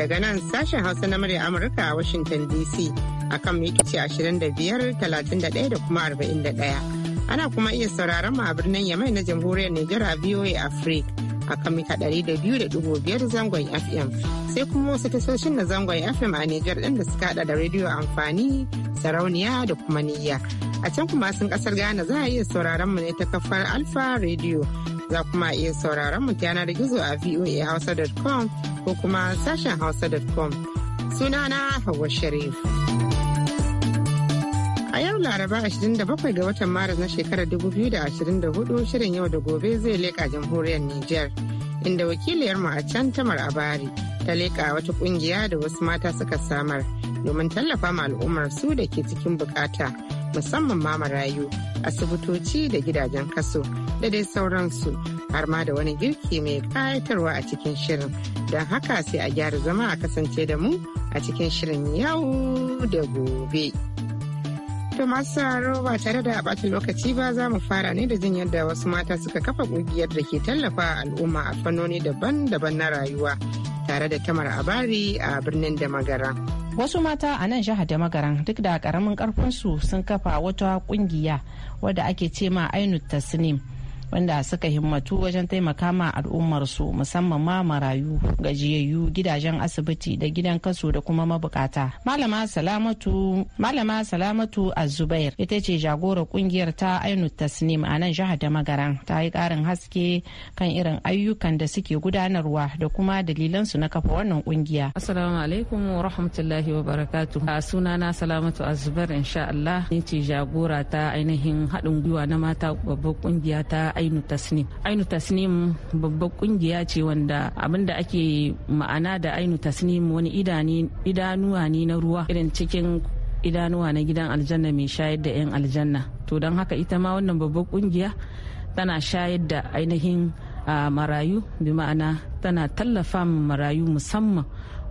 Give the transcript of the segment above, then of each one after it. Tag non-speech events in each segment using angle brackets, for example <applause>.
daga nan sashen hausa na murya amurka a washington dc akan mitoci 25 31 da kuma 41 ana kuma iya sauraron mu a birnin yamai na jamhuriyar nijar a voa africa akan mita 200.5 zangon fm sai kuma wasu tasoshin na zangon fm a nijar ɗin da suka hada da rediyo amfani sarauniya da kuma niyya a can kuma sun kasar ghana za a iya sauraron mu ne ta kafar alfa radio za kuma iya sauraron mu ta yanar gizo a hausa.com ko kuma sashen hausa.com sunana hawa Sharif. A yau Laraba 27 ga watan Maris na shekarar 2024 shirin yau da gobe zai leƙa jamhuriyar Nijar inda wakiliyarmu a can tamar abari ta leƙa wata kungiya da wasu mata suka samar domin tallafa ma al'ummar su da ke cikin bukata. musamman ma marayu asibitoci da gidajen kaso da dai sauransu har ma da wani girki mai kayatarwa a cikin shirin don haka sai a gyara zama a kasance da mu a cikin shirin yau da gobe. To masu sauraro ba tare da ɓata lokaci ba za mu fara ne da jin yadda wasu mata suka kafa ƙungiyar da ke tallafa al'umma a fannoni daban-daban na rayuwa tare da tamar abari a birnin da magara. wasu mata a nan jihar da duk da karamin karfinsu sun kafa wata kungiya wadda ake ce ma ainut tasnim wanda suka himmatu wajen taimaka ma al'ummarsu musamman ma marayu gajiyayyu gidajen asibiti da gidan kaso da kuma mabukata malama salamatu malama salamatu azubair ita ce jagora kungiyar ta ainu tasnim a nan jihar da magaran ta yi karin haske kan irin ayyukan da suke gudanarwa da kuma dalilansu na kafa wannan kungiya assalamu alaikum wa rahmatullahi wa barakatuh a sunana salamatu azubair insha Allah ni ce jagora ta ainihin haɗin gwiwa na mata babbar kungiya ta ainu tasnim ainu tasnim babbar kungiya ce wanda abinda ake ma'ana da ainu tasnim wani idanuwa ne na ruwa irin cikin idanuwa na gidan aljanna mai shayar da 'yan aljanna to don haka ita ma wannan babbar kungiya tana shayar da ainihin marayu bi ma'ana tana tallafa marayu musamman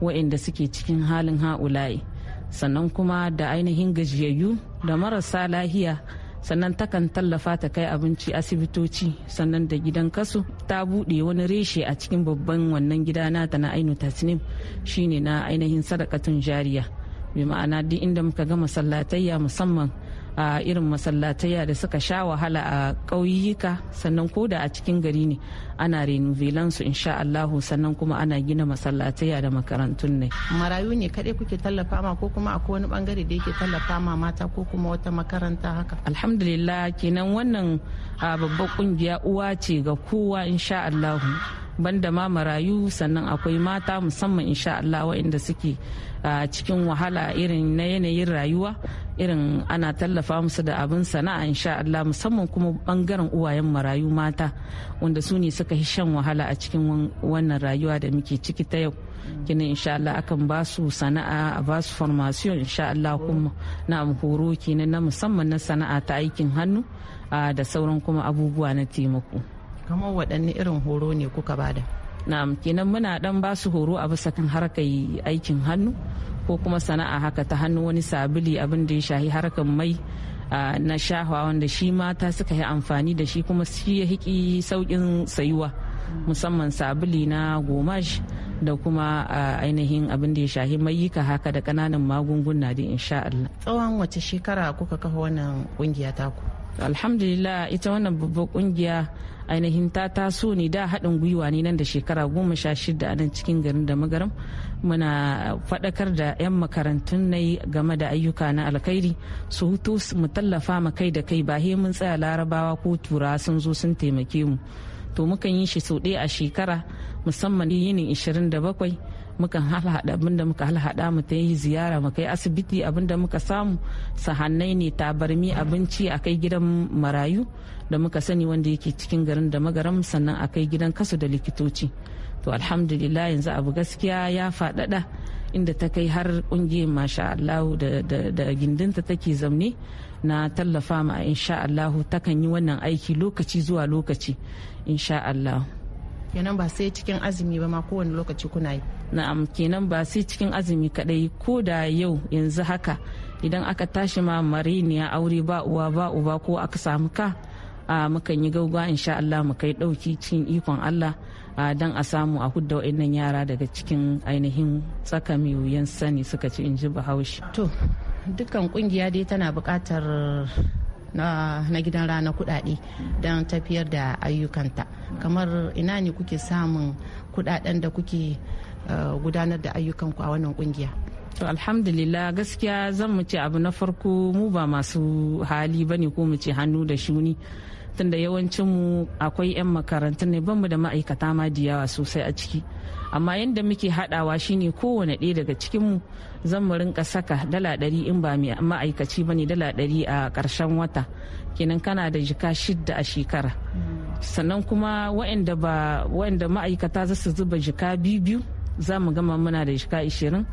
waɗanda suke cikin halin ha'ula'i sannan kuma da ainihin gajiyayyu da marasa lahiya sannan takan tallafa ta kai abinci asibitoci sannan da gidan kasu ta buɗe wani reshe a cikin babban wannan gida nata na ainu tasnim shine na ainihin sadakatun jariya bi ma'ana duk inda muka ga masallatayya musamman a irin masallataiya da suka sha wahala a ƙauyuka sannan ko da a cikin gari ne ana renovelan su insha Allah sannan kuma ana gina masallataiya da makarantun ne. Marayu ne kaɗai kuke tallafa ma ko kuma akwai wani bangare da yake tallafa ma mata ko kuma wata makaranta haka. Alhamdulillah kenan wannan babbar kungiya uwa ce ga kowa insha Allah banda ma marayu sannan akwai mata musamman insha Allah waɗanda suke a cikin wahala irin na yanayin rayuwa irin ana tallafa musu da abin sana'a insha Allah musamman kuma bangaren uwayen marayu mata wanda su ne suka shan wahala a cikin wannan rayuwa da muke ciki ta yau kina insha Allah akan ba su sana'a a ba su formation insha Allah kuma na horo kenan na musamman na sana'a ta aikin hannu da sauran kuma abubuwa na taimako kamar waɗanne irin horo ne kuka bada na'am kenan muna dan ba su horo a bisa kan harkar aikin hannu ko kuma sana'a haka ta hannu wani sabili abin da ya shahi harkar mai na shahawa wanda shi mata suka yi amfani da shi kuma shi ya hiki saukin sayuwa musamman sabili na gomash da kuma ainihin abin da ya shahi mayika haka da kananan magunguna da insha Allah. Tsawon wace shekara kuka kafa wannan kungiya taku? Alhamdulillah ita wannan babbar kungiya ainihin ta taso ne da haɗin gwiwa ne nan da shekara goma sha shida a nan cikin garin da magaram muna faɗakar da 'yan makarantun na yi game da ayyuka na alkhairi su hutu mu tallafa ma kai da kai ba he mun tsaya larabawa ko tura sun zo sun taimake mu to mukan yi shi sau ɗaya a shekara musamman yinin 27 mukan halhaɗa da muka halhaɗa mu ta yi ziyara mu kai asibiti da muka samu sahannai ne tabarmi abinci a kai gidan marayu da muka sani wanda yake cikin garin da magaram sannan a kai gidan kasu da likitoci to alhamdulillah yanzu abu gaskiya ya faɗaɗa inda ta kai har ƙungiyar masha Allahu da gindinta take zamne na tallafa ma insha Allahu takan yi wannan aiki lokaci zuwa lokaci insha Allahu kenan ba sai cikin azumi ba ma kowane lokaci kuna yi na'am kenan ba sai cikin azumi kadai ko da yau yanzu haka idan aka tashi ma mariniya aure ba uwa ba uba ko aka samu ka mukan yi in sha Allah mu kai ɗauki cin ikon Allah don a samu a hudda wa'annan yara daga cikin ainihin tsaka wuyan sani suka ci in ji bahaushe. To, dukkan kungiya dai tana bukatar na, gidan rana kudade don tafiyar da ayyukanta kamar ina ne kuke samun kudaden da kuke gudanar da ayyukan ku a wannan kungiya to alhamdulillah gaskiya zan mu ce abu na farko mu ba masu hali bane ko mu ce hannu da shuni tunda yawancin mu akwai 'yan makarantun ne banmu da ma'aikata ma yawa sosai a ciki amma yadda muke haɗawa shine kowane ɗaya daga cikin mu zan mu rinka saka dala ɗari in ba ma'aikaci ba ne dala ɗari a ƙarshen wata kenan kana da jika shidda a shekara sannan kuma waɗanda ma'aikata za su zuba jika biyu biyu za mu gama muna da jika ishirin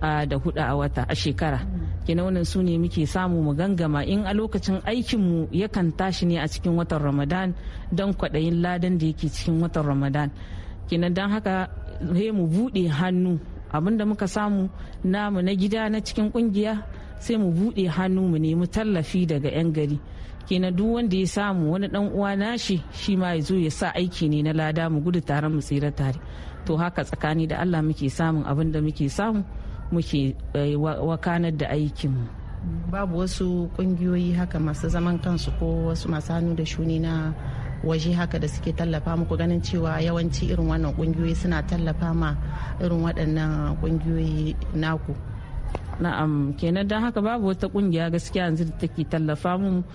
da hudu a wata a shekara kina wannan su ne muke samu mu gangama in a lokacin aikinmu yakan tashi ne a cikin watan ramadan don kwaɗayin ladan da yake cikin watan ramadan kina don haka he mu buɗe hannu abinda muka samu namu na gida na cikin kungiya sai mu buɗe hannu mu nemi tallafi daga 'yan gari kina duk wanda ya samu wani dan uwa nashi shi ma ya zo ya sa aiki ne na lada mu gudu tare mu tsira tare to haka tsakani da Allah muke samun abin da muke samu muke eh, wakanar da aikinmu babu wasu kungiyoyi haka masu zaman kansu ko wasu masu hannu da shuni na waje haka da suke tallafa muku ganin cewa yawanci irin wannan kungiyoyi suna tallafa ma irin waɗannan kungiyoyi naku na'am kenan don haka babu wata kungiya gaskiya yanzu da take tallafa mu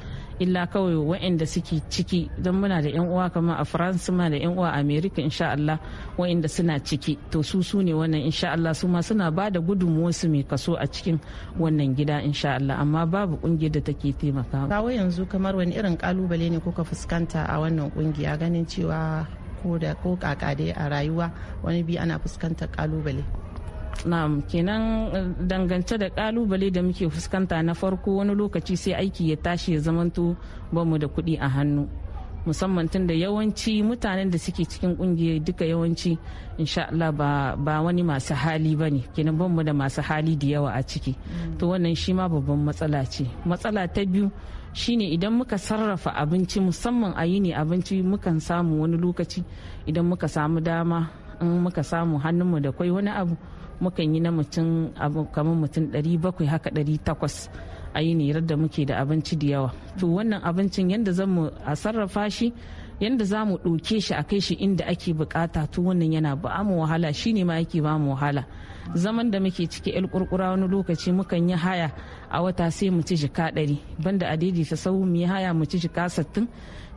illa kawai waɗanda suke ciki don muna da yan uwa kamar a france muna da yan uwa a america insha allah waɗanda suna ciki to su su ne wannan insha allah su ma suna ba da su mai kaso a cikin wannan gida insha allah amma babu kungiyar da take taimaka kawo yanzu kamar wani irin kalubale ne kuka fuskanta a wannan kungiya ganin cewa ko da ko kaka a rayuwa wani bi ana fuskantar kalubale na'am kenan eh, dangance da kalubale da muke fuskanta na farko wani lokaci sai aiki ya tashi ya zamanto ba mu da kuɗi a hannu musamman tun da yawanci mutanen da suke cikin kungiyar duka yawanci insha Allah ba, wani masu hali ba ne kenan ban mu da masu hali da yawa a ciki to wannan shi ma babban matsala ce matsala ta biyu shine idan muka sarrafa abinci musamman a yi yini abinci mukan samu wani lokaci idan muka samu dama in muka samu hannunmu da kwai wani abu mukan yi na mutum kamar mutum bakwai haka 800 a yi ne da muke da abinci da yawa to wannan abincin yadda zan mu a sarrafa shi yadda za mu ɗauke shi a kai shi inda ake bukata to wannan yana ba mu wahala shine ma yake ba mu wahala zaman da muke ciki yan kurkura wani lokaci mukan yi haya a wata sai mu ci jika ɗari banda a daidaita sau mu yi haya mu ci jika sattin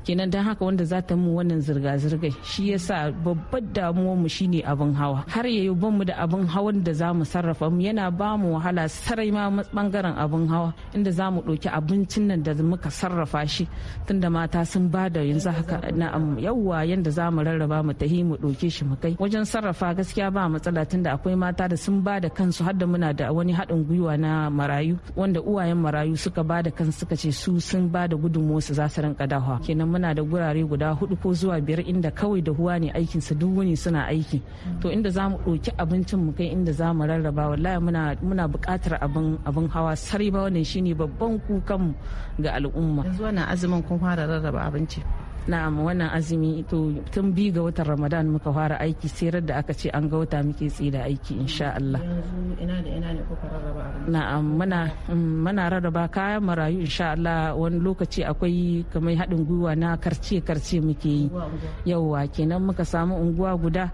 kenan don haka wanda za ta mu wannan zirga-zirga shi ya sa babbar damuwar mu shine abin hawa har ya yi mu da abin hawan da za mu sarrafa mu yana ba mu wahala sarai ma bangaren abin hawa inda za mu ɗauki abincin nan da muka sarrafa shi tunda mata sun ba da yanzu haka na yawwa yanda za mu rarraba mu tahi mu ɗauke shi mu kai wajen sarrafa gaskiya ba matsala tunda akwai mata da sun ba da kansu har da muna da wani haɗin gwiwa na marayu wanda uwayen marayu suka ba da kansu suka ce su sun ba da su za su rinka dawa kenan muna da gurare guda hudu ko zuwa biyar inda kawai da huwa ne aikin su duk wani suna aiki to inda za mu ɗauki abincin mu kai inda za mu rarraba wallahi muna muna buƙatar abin abin hawa sarai ba wannan shine babban kukan mu ga al'umma yanzu wannan azumin kun fara rarraba abinci na'am wannan azumi to tun bi ga watan ramadan muka fara aiki sai da aka ce an ga wata muke tsira aiki insha Allah na'am muna mana mm, rarraba kayan marayu insha Allah wani lokaci akwai kamar haɗin gwiwa na karce karce muke yi yauwa kenan muka samu unguwa guda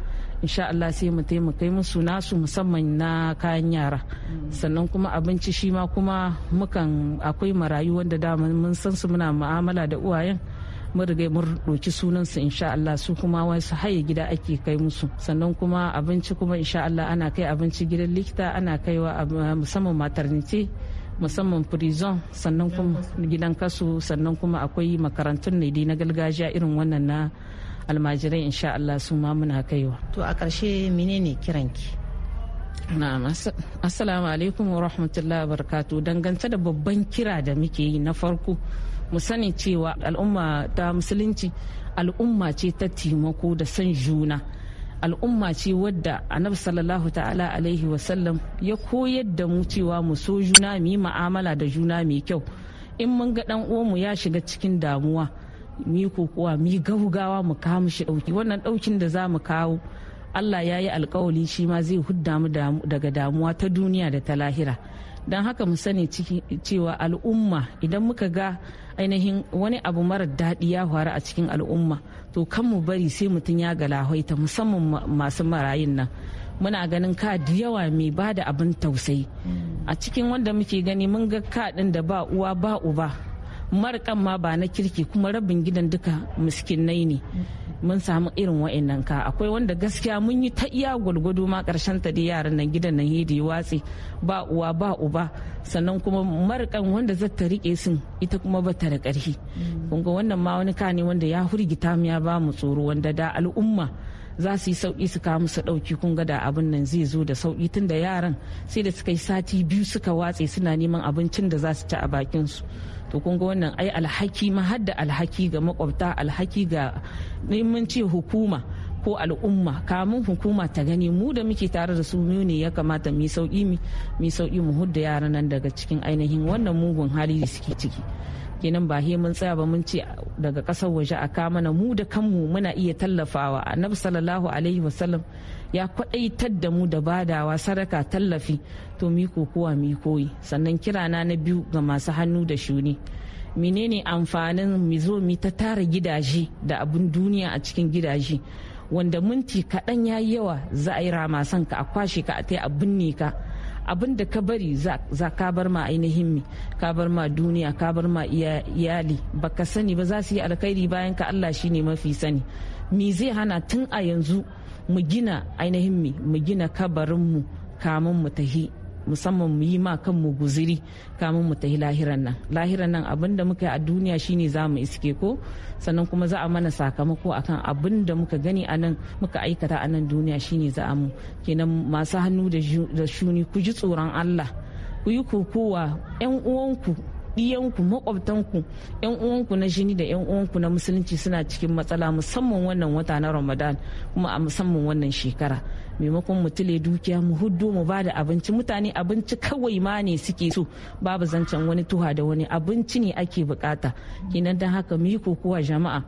insha Allah sai mu taimaka musu nasu musamman na kayan yara mm. sannan kuma abinci shi ma kuma mukan akwai marayu wanda dama mun san su muna mu'amala da uwayen mun riga mun roki sunansu insha Allah su kuma wasu haye gida ake kai musu sannan kuma abinci kuma insha Allah ana kai abinci gidan likita ana kaiwa musamman maternity musamman prison sannan kuma gidan kasu sannan kuma akwai makarantun ne na gargajiya irin wannan na almajirai insha Allah su ma muna kaiwa to a ƙarshe menene kiranki Na'am. Assalamu alaikum wa rahmatullahi wa barakatuh. Dangance da babban kira da muke yi na farko mu sani cewa al'umma ta musulunci al'umma ce ta taimako da son juna al'umma ce wadda annabi sallallahu ta'ala alaihi wasallam ya koyar da mu cewa mu so juna mu yi ma'amala da juna mai kyau in mun ga dan uwanmu ya shiga cikin damuwa mi kokowa mi gaugawa mu kawo shi dauki wannan daukin da za mu kawo Allah ya yi alkawali shi ma zai hudda mu daga damuwa ta duniya da ta lahira don haka mu sani cewa al'umma idan muka ga ainihin wani abu mara daɗi ya faru a cikin al'umma to kan mu bari sai mutum ya galahoita musamman masu marayun nan muna ganin ka da yawa mai ba da abin tausayi a cikin wanda muke gani mun ga kaɗin da ba uwa ba uba markan ma ba na kirki kuma rabin gidan duka miskinai ne mun samu irin wa'annan ka akwai wanda gaskiya mun yi ta iya gwalgwado ma karshen ta da yaran nan gidan nan hidi watsi ba uwa ba uba sannan kuma marƙan wanda za ta rike sun ita kuma ba ta da ƙarfi mm. kun ga wannan ma wani kane wanda ya hurgita mu ya ba mu tsoro wanda da al'umma za su yi sauƙi su kawo musu ɗauki kun ga da abin nan zai zo da sauki tun da yaran sai da suka yi sati biyu suka watse suna neman abincin da za su ci a bakin su to kun ga wannan ai alhaki ma har alhaki ga makwabta alhaki ga neman ce hukuma ko al'umma kamun hukuma ta gani mu da muke tare da su mu ne ya kamata mu sauki mu sauki mu hudda yara nan daga cikin ainihin wannan mugun hali da suke ciki kenan ba he mun tsaya ba mun ce daga kasar waje a kamana mu da kanmu muna iya tallafawa annabi sallallahu alaihi wasallam ya kwadaitar da mu da badawa sadaka tallafi to mi kokowa mi koyi sannan kirana na biyu ga masu hannu da shuni menene amfanin mizo mi ta tara gidaje da abun duniya a cikin gidaje wanda minti kaɗan ya yawa za a yi ramasan ka a kwashe ka a tai a binne ka abin da ka bari za ka bar ma ainihin mi ka bar ma duniya ka bar ma iyali baka sani ba za su yi alkhairi bayan ka Allah shine mafi sani me zai hana tun a yanzu mu gina ainihin mu mu gina kabarinmu kamun mu tahi musamman mu yi ma kanmu guziri kamun mu tahi lahiran nan lahiran nan abin da muka yi a duniya shine za mu iske ko sannan kuma za a mana sakamako akan abin da muka gani a nan muka aikata a nan duniya shine za a mu kenan masu hannu da shuni ku ji tsoron allah ku yi kokowa 'yan uwanku ɗiyanku makwabtanku yan uwanku na jini da yan uwanku na musulunci suna cikin matsala musamman wannan wata na ramadan kuma a musamman wannan shekara maimakon mu tile dukiya mu huddo mu ba da abinci mutane abinci kawai ma ne suke so babu zancen wani tuha da wani abinci ne ake bukata kenan dan haka mu yi kokowa jama'a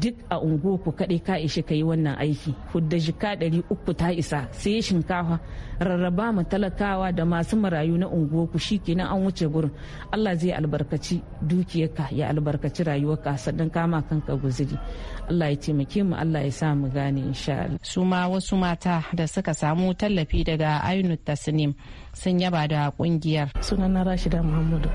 duk a unguwarku kaɗai ka ishi ka yi wannan aiki hudda jika dari uku ta isa sai shinkafa rarraba ma talakawa da masu marayu na unguwarku kenan an wuce gurin Allah zai albarkaci dukiyarka ya albarkaci rayuwarka sannan kama kanka guziri Allah ya taimake mu Allah ya sa mu gane insha Allah su ma wasu mata da suka samu tallafi daga ainihin tasnim sun yaba da kungiyar sunana rashida muhammadu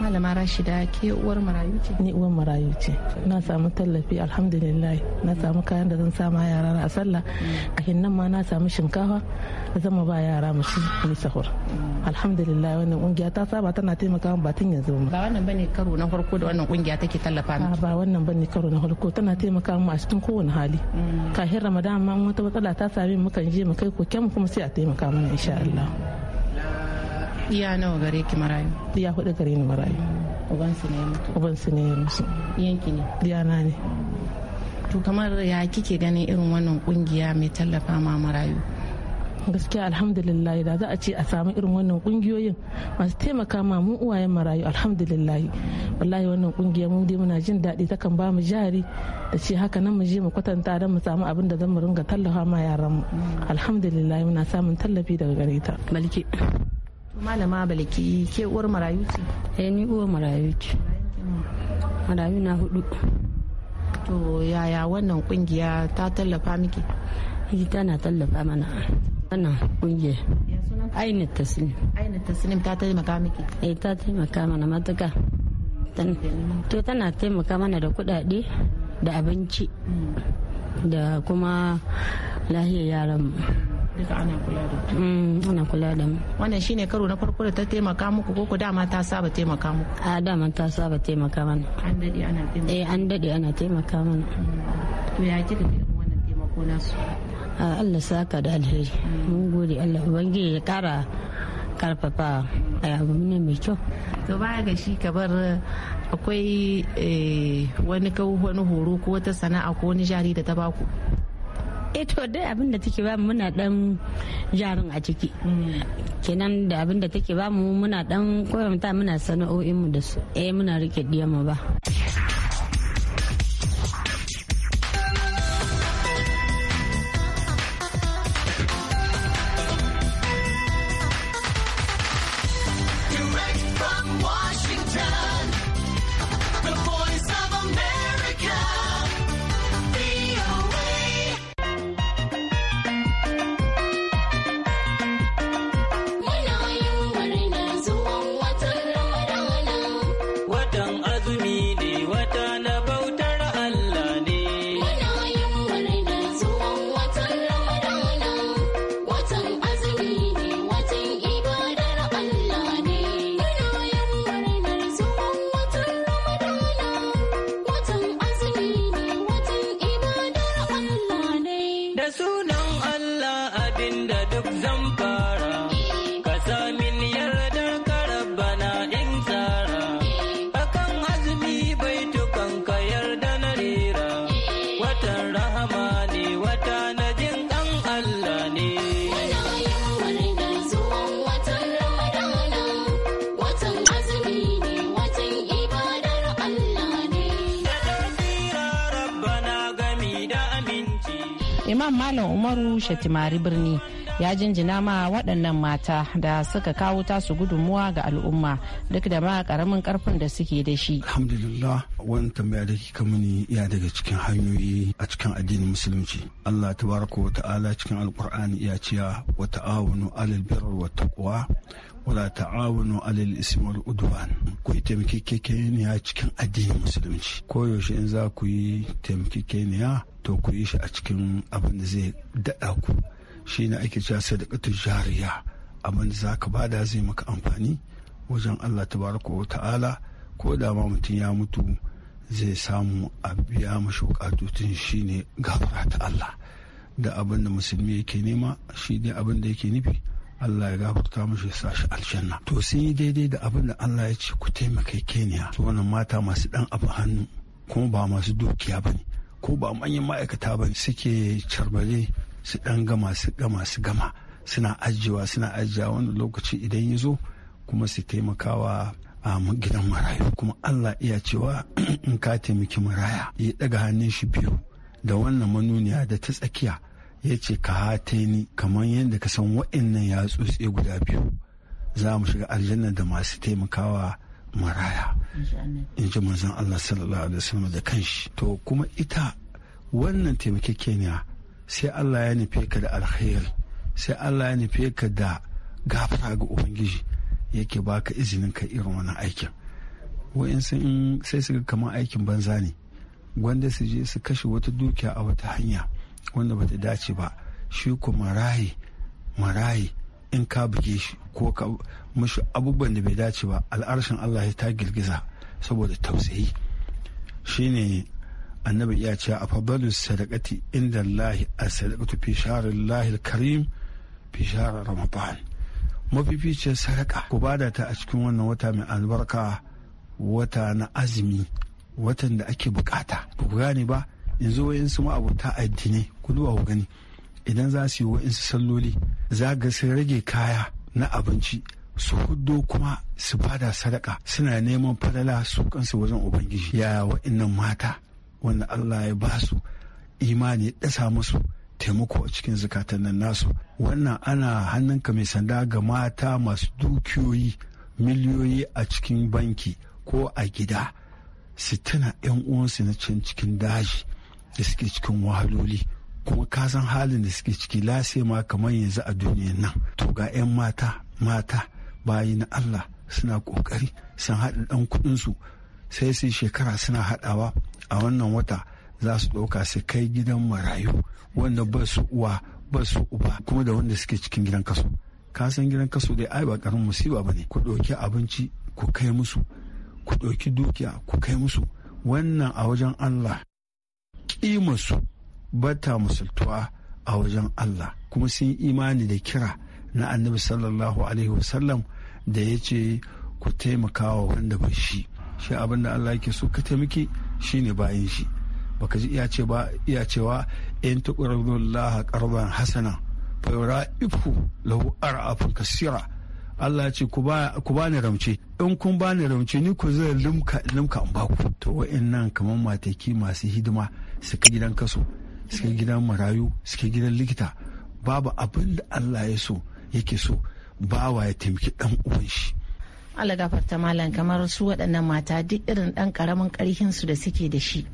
malama rashida ke uwar marayu ce ni uwar marayu ce na samu tallafi alhamdulillah na samu kayan da zan sama yara a sallah mm. a nan ma na samu shinkafa da zan ba yara mu ci ni sahur mm. alhamdulillah wannan kungiya ta saba tana taimaka min batun yanzu ba wannan bane karo na farko da wannan kungiya take tallafa miki ba wannan bane karo na farko tana taimaka mu a cikin kowane hali mm. kafin ramadan ma wata matsala ta same mu kan je mu kai koken mu kuma sai a taimaka mana insha Allah iya nawa gare ki marayu iya hudu gare ni marayu ubansu ne ya mutu ubansu ne ya mutu yanki ne diyana ne to kamar ya kike ganin irin wannan kungiya mai tallafa ma marayu gaskiya alhamdulillah da za a ce a samu irin wannan kungiyoyin masu taimaka ma mu uwayen marayu alhamdulillah wallahi wannan kungiya mu dai muna jin daɗi ta kan mu jari da ce haka nan mu je mu kwatanta don mu samu abin da zan mu ringa tallafa ma yaran mu mm. alhamdulillah muna samun tallafi daga gare ta malki malama baliki ke uwar marayu ce eh ni uwar marayu ce marayu na hudu to yaya wannan kungiya ta tallafa miki ita tana tallafa mana wannan kungiya aini taslim aini taslim ta taimaka miki eh ta taimaka mana matuka to tana taimaka mana da kudade da abinci mm. da kuma lahiyar yaran mu duka ana kula da ku mm, ana kula da mu wannan shine karo na farko da ta taimaka muku ko dama ta saba taimaka muku a dama ta saba taimaka mana an dade ana taimaka eh an dade ana taimaka mana mm. to ya kika irin wannan taimako nasu Allah saka da alheri mm. mun gode Allah ubangiji ya kara karfafa abu ne mai kyau to baya ga shi kabar akwai eh, wani wani horo ko wata sana'a ko wani jari da ta baku eto eh to dai abin da take ba muna dan jarin a ciki kenan da abin da take ba mu muna dan koyarta muna sana'o'in mu da su eh muna rike diyan mu ba Malam Umaru Shatimari birni ya jinjina ma waɗannan mata da suka kawo tasu gudunmuwa ga al'umma duk da ma ƙaramin ƙarfin da suke da shi. Alhamdulillah wani tambaya da kika mini ya daga cikin hanyoyi a cikin addinin musulunci. Allah tabaraka wa ta'ala cikin alkur'ani ya ciya wa ta'awunu alal birr wa taqwa wala ta'awunu alal ismi wal udwan ku yi taimakekeniya cikin addinin musulunci Ko yaushe in za ku yi taimakekeniya to ku yi shi a cikin abin da zai daɗa ku shi ne ake cewa sadaqatu jariya abin da zaka bada zai maka amfani wajen Allah tabaraka wa ta'ala ko da ma mutum ya mutu zai samu a biya mashi bukatutun shine gafara ta Allah da abin da musulmi yake nema shi ne abin da yake nufi Allah ya gafarta mushi ya sashi aljanna to sai daidai da abin da Allah ya ce ku taimaka Kenya to wannan mata masu dan abu hannu kuma ba masu dukiya bane ko ba manyan ma'aikata ne. suke carbale su dan gama su gama su gama suna ajiyewa suna ajiya wani lokaci idan ya zo kuma su taimakawa a gidan marayu kuma Allah iya cewa <clears throat> in ka taimaki maraya ya daga hannun shi biyu da wannan manuniya da ta tsakiya ya ce ka hateni kamar yadda ka san wa'annan ya tsotse guda biyu za mu shiga aljanna da masu taimakawa maraya in ji mazan Allah sallallahu alaihi wasallam da kanshi to kuma ita wannan taimakekeniya sai Allah ya nufe ka da alkhairi sai Allah ya nufe ka da gafara ga ubangiji yake baka izinin ka irin wannan aikin wa'insu in sai su ga kamar aikin banza ne wanda su je su kashe wata dukiya a wata hanya wanda bata dace ba shi ko marayi marayi in ka buge shi ko ka mashi abubuwan da bai dace ba al'arshin Allah ya ta girgiza saboda tausayi shine annabi iya cewa a fadalu sadakati inda lahi a sadakatu fi shahrillahi karim fi ramadan mafificiyar sadaka ku bada ta a cikin wannan wata mai albarka wata na azumi watan da ake bukata ba ku gane ba yanzu su ma'abuta addinai ku duba ku gani idan za su yi su salloli za ga sun rage kaya na abinci su hudo kuma su bada sadaka suna neman fadala su kansu wajen ubangiji ya wa'innan mata wanda allah ya ba su imani dasa musu taimako a cikin zukatan nan nasu wannan ana hannunka mai sanda ga mata masu dukiyoyi miliyoyi a cikin banki ko a gida su tana 'yan uwansu na cikin daji da suke cikin wahaloli kuma ka san halin da suke ciki lase ma kamar yanzu a duniyan nan to ga 'yan mata mata bayi na Allah suna kokari sun haɗa ɗan kuɗinsu sai su shekara suna haɗawa a wannan wata za su ɗauka su kai gidan marayu wanda ba su uwa ba su uba kuma da wanda suke cikin gidan kaso ka san gidan kaso dai ai ba karamin musiba ba ne ku ɗauki abinci ku kai musu ku ɗauki dukiya ku kai musu wannan a wajen Allah imasu bata musultuwa a wajen Allah kuma sun imani da kira na annabi sallallahu alaihi wasallam da ya ce ku taimaka wa wanda ba shi shi abin da Allah yake so ka taimaki ne bayan shi baka ji iya ce ba iya cewa in tuqridullaha qardan hasana fa yura ifu lahu ar'afun kasira Allah ce ku ba ni ramce in kun ba ni ramce ni ku zai limka limka in ba ku to wa'annan kamar mataki masu hidima ka gidan kaso ka gidan marayu ka gidan likita babu abin da Allah ya so yake so bawa ya taimaki dan uwan shi Allah gafarta malam kamar su waɗannan mata duk irin ɗan ƙaramin ƙarfin su da suke da shi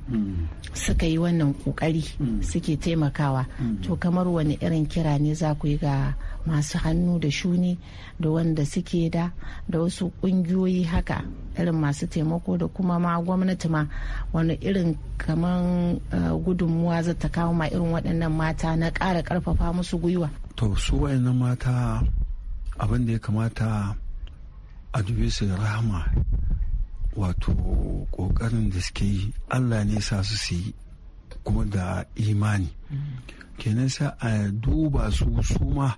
suka yi wannan ƙoƙari suke taimakawa to kamar wani irin kira ne za ku yi ga masu hannu da shuni da wanda suke da da wasu ƙungiyoyi haka irin masu taimako da kuma ma gwamnati ma wani irin kamar eh, gudunmuwa za ta kawo ma irin waɗannan mata na ƙara ƙarfafa musu gwiwa to su waɗannan mata abin da ya kamata a dube su rahama wato ƙoƙarin da suke yi allah ne sa su su yi kuma da imani kenan sa a duba su suma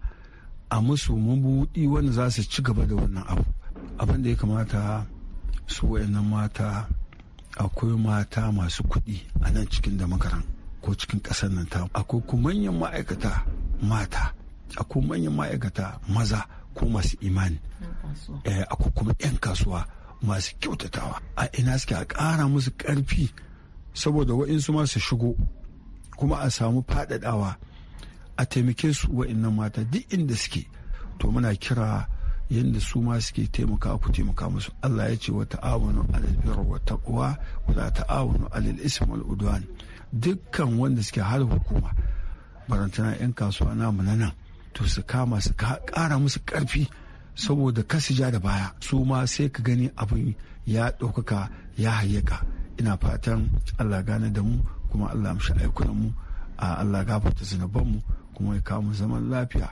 a musu mabuɗi wanda za su ci gaba da wannan abu abin da ya kamata su wayannan mata akwai mata masu kuɗi a nan cikin da makaran ko cikin ƙasar nan ta akwai kuma manyan ma'aikata mata akwai manyan ma'aikata maza ko masu imani eh, ko kuma 'yan kasuwa masu kyautatawa a ina suke a ƙara musu ƙarfi saboda wa'insu masu su shigo kuma a samu faɗaɗawa a taimake su wa'innan mata duk inda suke to muna kira yadda su ma suke taimaka ku taimaka musu Allah ya ce wa awonu alal wata kuwa wata wa la isma'il udwan dukkan wanda suke hal hukuma barantana yan kasuwa namu na nan to su kama su kara musu karfi saboda kasu ja da baya su ma sai ka gani abin ya ɗaukaka ya hayyaka ina fatan allah gane da mu kuma allah amshi aikunan mu a allah gafarta zunuban mu kuma ya kawo zaman lafiya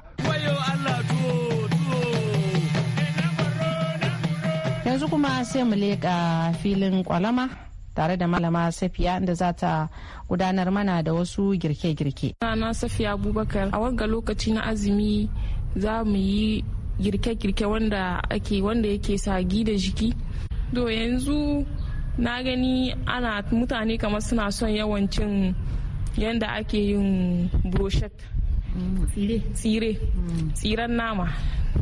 yanzu kuma sai mu leƙa filin kwalama tare da malama safiya inda za ta gudanar mana da wasu girke-girke. Rana safiya abubakar a wanga lokaci na azumi za mu yi girke-girke wanda ake wanda yake sagi da jiki. do yanzu na gani ana mutane kamar suna son yawancin yanda ake yin brochet. Mm, tsire tsire mm. tsiren nama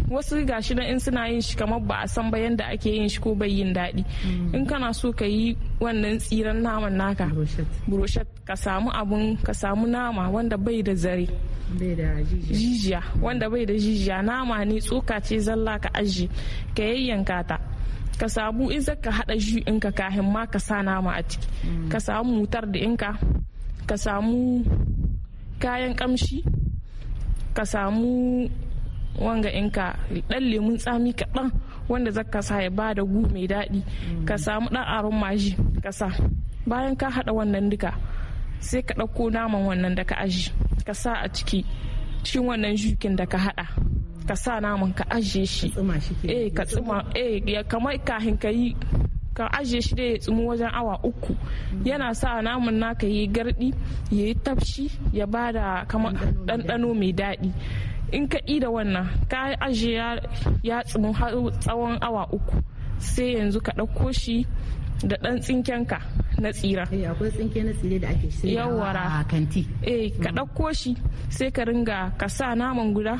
wasu gashi na in suna yin shi kamar ba a san ba yadda ake yin shi ko bai yin daɗi mm. in kana so ka yi wannan tsiren naman naka brochet ka samu abun ka samu nama wanda bai da zare jijiya wanda bai da jijiya nama ne tsoka ce zalla ka aji ka yayyanka ta ka samu in ka hada shi in ka kahin ma ka sa nama a ciki ka samu mutar da inka ka samu kayan kamshi ka samu wanga inka dan lemun tsami kaɗan wanda zaka sa ya ba da gu mai daɗi ka mm. samu ɗan aron maji ka bayan ka haɗa wannan duka sai ka ɗauko naman wannan da ka aji ka sa a ciki cikin wannan jukin da ka haɗa ka sa naman ka ajiye shi ka tsuma eh, eh kamar kahin ka yi ka ajiye shi da ya tsumu wajen awa uku yana sa namun naka yi gardi ya yi tafshi ya bada kamar ɗanɗano mai daɗi in ka da wannan ka ajiye ya tsumu tsawon awa uku sai yanzu ka ɗauko shi da ɗan tsinkenka na tsira eh, akwai tsinke na tsire da ake a kanti eh mm. ka ɗauko shi sai ka ringa ka sa naman guda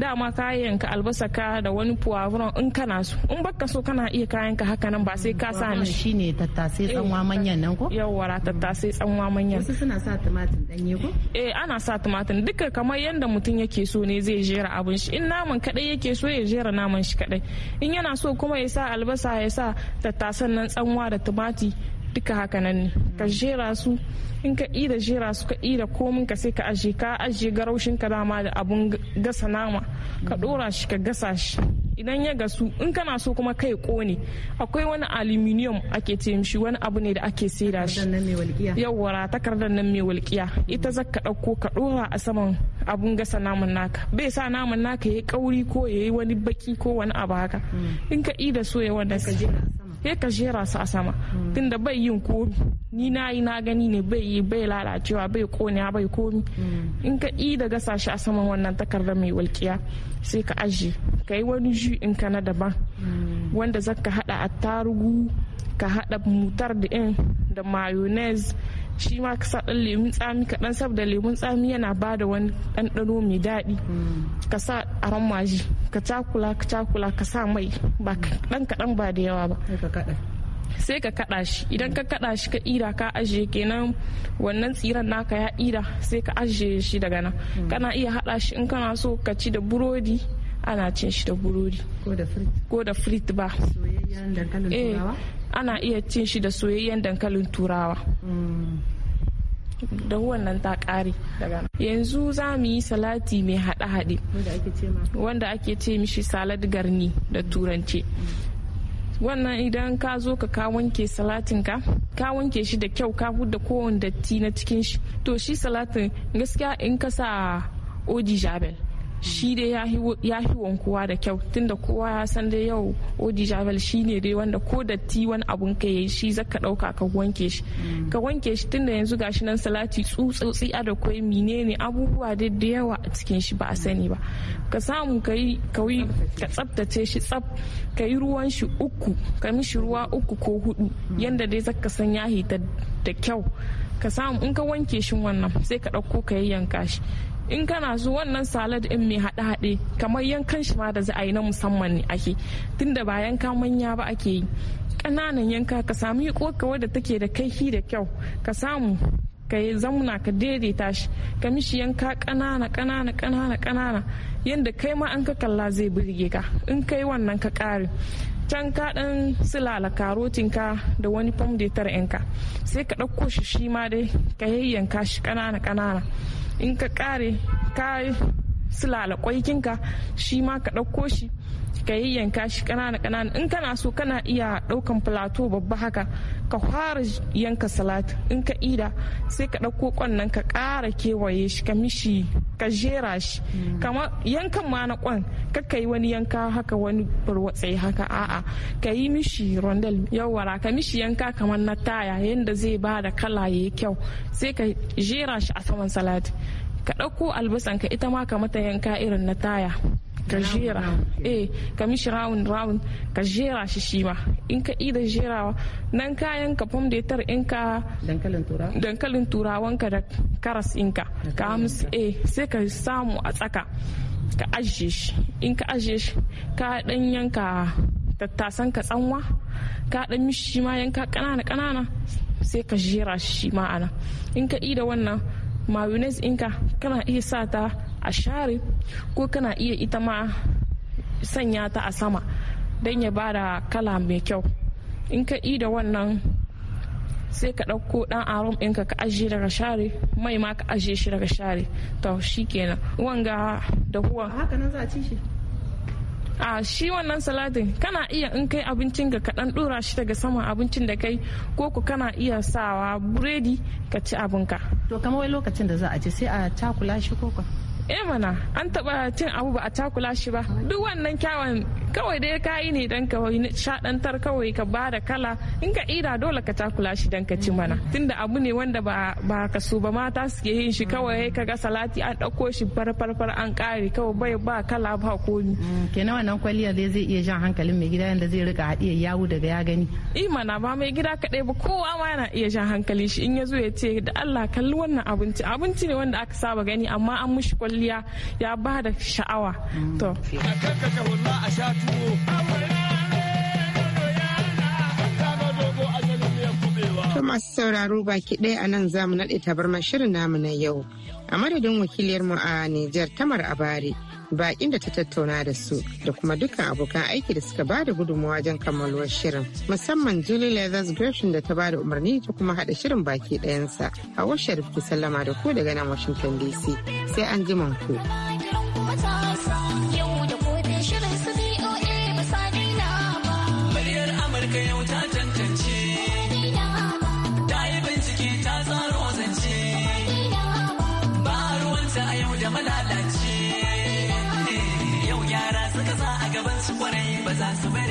dama kayan ka albasa ka da wani puwavuron in kana so in baka so kana iya kayan ka haka nan ba sai ka sa Shi ne tattasai eh, tsanwa manyan nan ko yawwa tattasai tsanwa manyan wasu suna sa tumatir danye ko eh ana sa tumatir duka kamar yadda mutum yake so ne zai jera abin shi in naman kadai yake so ya jera naman shi kadai in yana so kuma ya sa albasa ya sa tattasan nan tsanwa da tumati duka haka nan ne ka jera su in ka ida jera su ka ida komin ka sai ka aje ka aje garaushin ka dama da abun gasa nama ka dora shi ka gasa shi idan ya gasu in kana so kuma kai kone akwai wani aluminium ake ce mishi wani abu ne da ake saida shi yawwara takardar nan mai walƙiya ita za ka ɗauko ka ɗora a saman abun gasa naman naka bai sa naman naka ya yi kauri ko ya yi wani baki ko wani abu haka mm. in ka ida so ya wanda sai ka jera su a sama hmm. tunda bai yin komi ni na yi na gani ne bai yi bai lalacewa bai konewa bai komi hmm. in ka ɗi da gasa shi a saman wannan takarda mai walƙiya sai ka aje ka yi wani ju in ka na daban hmm. wanda zaka hada attarugu ka hada mutar da in da mayonnaise shi ma ka sa dan lemun tsami kaɗan saboda lemun tsami yana ba da wani ɗanɗano mai daɗi mm. ka sa aran maji ka cakula ka cakula ka sa mai ba mm. kaɗan kaɗan ba da yawa ba sai ka kada shi idan ka kada shi ka ira ka ajiye kenan wannan tsiran naka ya ira sai ka ajiye shi daga nan mm. kana iya haɗa shi in kana so ka ci da burodi ana cin shi da burodi ko da frit ba eh, ana iya cin shi da soyayyen dankalin turawa hmm. da wannan ta kare. yanzu za mu yi salati mai haɗe-haɗe wanda ake ce mishi salad garni da hmm. turance wannan idan ka zo ka ka wanke salatin ka ka wanke shi da kyau ka da kowane datti na cikin shi to shi salatin gaskiya in ka sa oji jabel shi dai ya fi wankuwa da kyau tunda kowa ya san dai yau odi javel shi ne dai wanda ko datti wani abun ka yi shi za ka dauka ka wanke shi mm. ka wanke shi tunda yanzu gashi nan salati tsutsotsi a da kwai menene abubuwa dai da yawa a cikin shi ba a sani ba ka samu ka yi ka tsabtace shi tsab ka yi ruwan shi uku ka mishi ruwa uku ko hudu mm. yanda dai za ka san ya hita da kyau ka samu in ka wanke shi wannan sai ka dauko ka yayyanka shi in kana so wannan salad in mai haɗe hade kamar yankan shi ma da za a yi na musamman ne ake tunda ba yanka manya ba ake yi ƙananan yanka ka samu yi wadda take da kaihi da kyau ka samu ka yi zamuna ka daidaita shi ka mishi yanka ƙanana ƙanana ƙanana kanana yadda kai ma an ka kalla zai birge ka in kai wannan ka kare can ka dan silala ka da wani fam yanka sai ka ɗauko shi shi ma dai ka yayyanka shi ƙanana ƙanana in ka kare ka sulala kwaikinka shi ma ka ɗauko shi ka yayyanka shi kanana kanana in kana so kana iya ɗaukan plato babba haka ka fara yanka salat in ka ida sai ka ɗauko kwannan ka ƙara kewaye shi ka mishi ka jera shi mm. kama yankan ma na kwan ka yi wani yanka haka wani burwatsai haka a'a ka yi mishi rondel yawara ka mishi yanka kamar na taya yadda zai ba da kala ya yi kyau sai ka jera shi a saman salati ka ɗauko albasan ka ita ma ka mata yanka irin na taya ka jera eh ka mishi rawun rawun ka jera shi shi ma in ka ida jerawa nan kayan ka fom da tar in ka dankalin turawan ka da karas in ka ka hamsu eh sai ka samu a tsaka ka ajiye shi in ka ajiye shi ka dan yanka tattasan ka tsanwa ka dan mishi ma yanka kanana kanana sai ka jera shi ma ana in ka ida wannan mayonnaise ka kana iya sa ta a share ko kana iya ita ma sanya ta a sama don ya bada kala mai kyau in ka yi da wannan sai ka ɗauko ɗan aron ɗinka ka ajiye daga share mai ma ka ajiye shi daga share to shi kenan wanga da huwa haka nan za a ci shi a shi wannan salatin kana iya in kai abincin ga kaɗan ɗora shi daga saman abincin da kai ko ku kana iya sawa buredi ka ci abinka to kamar wai lokacin da za a ci sai a cakula shi ko eh mana an taba cin abu ba a takula shi ba duk wannan kyawun kawai dai ka yi ne dan ka shaɗantar kawai ka ba da kala in ka ira dole ka takula shi dan ka ci mana tunda abu ne wanda ba ba ka su ba mata suke yin shi kawai ka ga salati an dauko shi farfarfar an kare kawai bai ba kala ba komi mm, kenan wannan kwalliya dai zai iya jan hankalin mai gida yanda zai rika hadiya yawo daga ya gani imana ba mai gida kaɗai ba kowa ma yana iya jan hankali shi in ya zo ya ce da Allah kalli wannan abinci abinci ne wanda aka saba gani amma an mushi kwalliya ya ba da sha'awa mm. to masu sauraro baki ɗaya a nan zamu naɗe tabarmar shirin namu na yau a madadin wakiliyarmu a Nijar Tamar Abari bakin da ta tattauna da su da kuma dukkan abokan aiki da suka ba da gudunmawa wajen kammaluwar shirin musamman Julie Leathers gershon da ta ba da umarni ta kuma haɗa shirin baki ɗayansa a washe sallama da ku daga nan Washington DC sai an ji ku. cause I surrender.